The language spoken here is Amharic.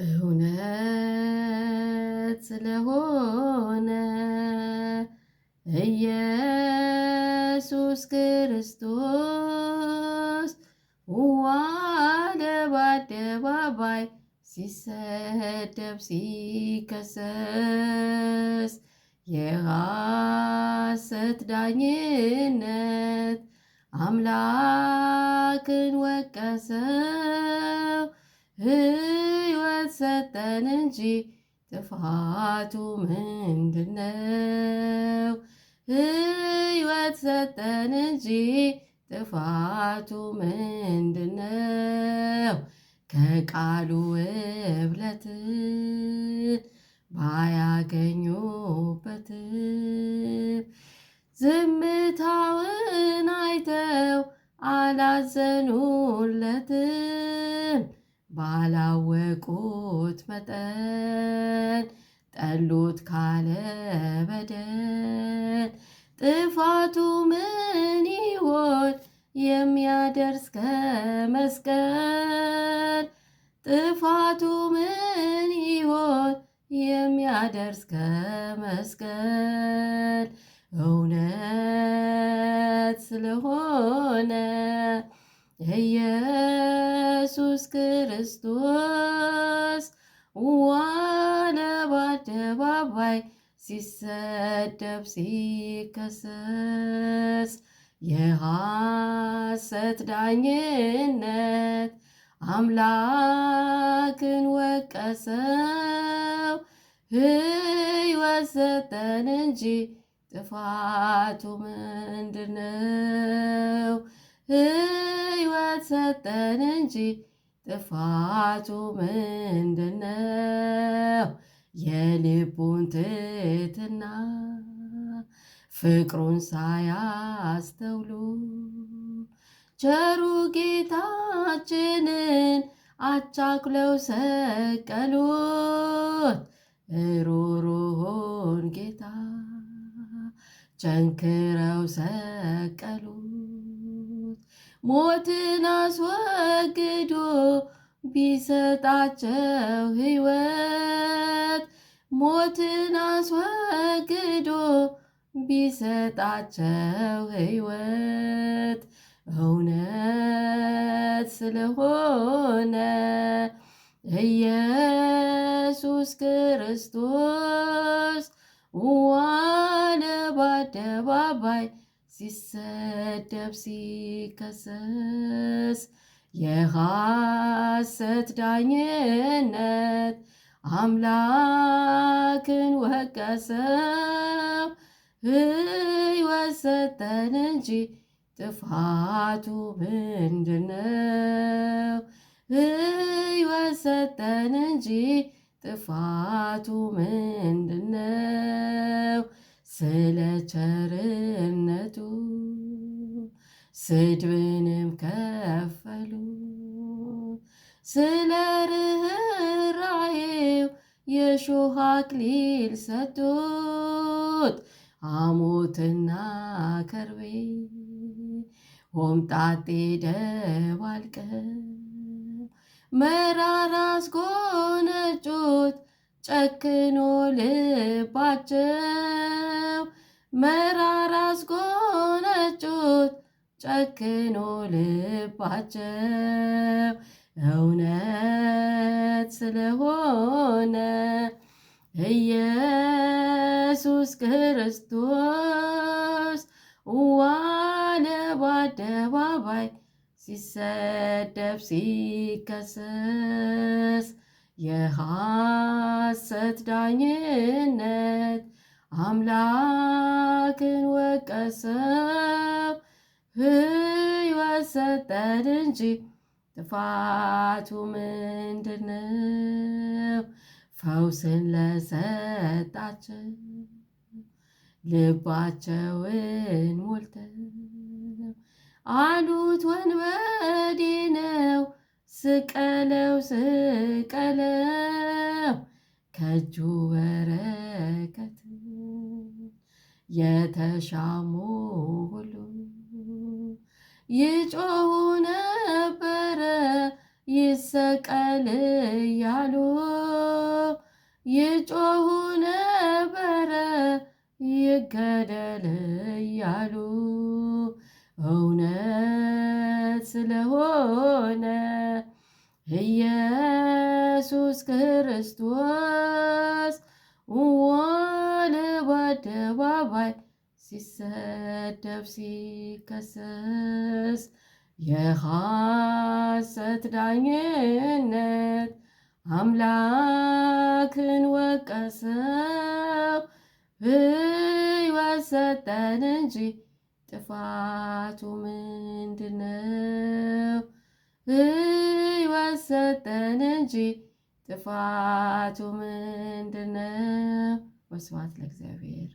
እውነት ስለሆነ ኢየሱስ ክርስቶስ ዋለ በአደባባይ ሲሰደብ ሲከሰስ የሐሰት ዳኝነት አምላክን ወቀሰው። ሕይወት ሰጠን እንጂ ጥፋቱ ምንድነው? ሕይወት ሰጠን እንጂ ጥፋቱ ምንድነው? ከቃሉ እብለት ባያገኙበት ዝምታውን አይተው አላዘኑለትም ባላወቁት መጠን ጠሉት ካለ በደል ጥፋቱ ምን ይሆን የሚያደርስ ከመስቀል ጥፋቱ ምን ይሆን የሚያደርስ ከመስቀል እውነት ስለሆነ እየ ኢየሱስ ክርስቶስ ዋለ በአደባባይ ሲሰደብ ሲከሰስ የሐሰት ዳኝነት አምላክን ወቀሰው። ሕይወት ሰጠን እንጂ ጥፋቱ ምንድነው? ሕይወት ሰጠን እንጂ ጥፋቱ ምንድነው? የልቡን ትትና ፍቅሩን ሳያስተውሉ ቸሩ ጌታችንን አቻክለው ሰቀሉት። ሩሩሆን ጌታ ቸንክረው ሰቀሉት። ሞትን አስወግዶ ቢሰጣቸው ሕይወት ሞትን አስወግዶ ቢሰጣቸው ሕይወት እውነት ስለሆነ ኢየሱስ ክርስቶስ ዋለ በአደባባይ ሲሰደብ ሲከሰስ የሐሰት ዳኝነት አምላክን ወቀሰው። ሕይወት ሰጠን እንጂ ጥፋቱ ምንድነው? ሕይወት ሰጠን እንጂ ጥፋቱ ምንድነው? ስለ ቸር ስድብንም ከፈሉ ስለ ርኅራዬው የሾህ አክሊል ሰጡት። አሞትና ከርቤ ሆምጣጤ ደባልቀ መራራ አስጎነጩት ጨክኖ ልባቸው መራራ አስጎነጩት ጨክኖ ልባቸው እውነት ስለሆነ ኢየሱስ ክርስቶስ ዋለ በአደባባይ ሲሰደብ ሲከሰስ የሐሰት ዳኝነት አምላክን ወቀሰው። ሕይወት ሰጠን እንጂ ጥፋቱ ነው ፈውስን ለሰጣችን ልባቸውን ሞልተው አሉት ወንበዴ ነው። ስቀለው ስቀለው ከእጁ በረከት የተሻሙ ሁሉ ይጮሁ ነበረ ይሰቀል እያሉ ይጮሁ ነበረ ይገደል እያሉ እውነት ስለሆነ ኢየሱስ ክርስቶስ ዋለ በአደባባይ ሲሰደብ ሲከሰስ የሐሰት ዳኝነት አምላክን ወቀሰው። ሕይወት ሰጠን እንጂ ጥፋቱ ምንድነው? ሕይወት ሰጠን እንጂ ጥፋቱ ምንድነው? ወስብሐት ለእግዚአብሔር።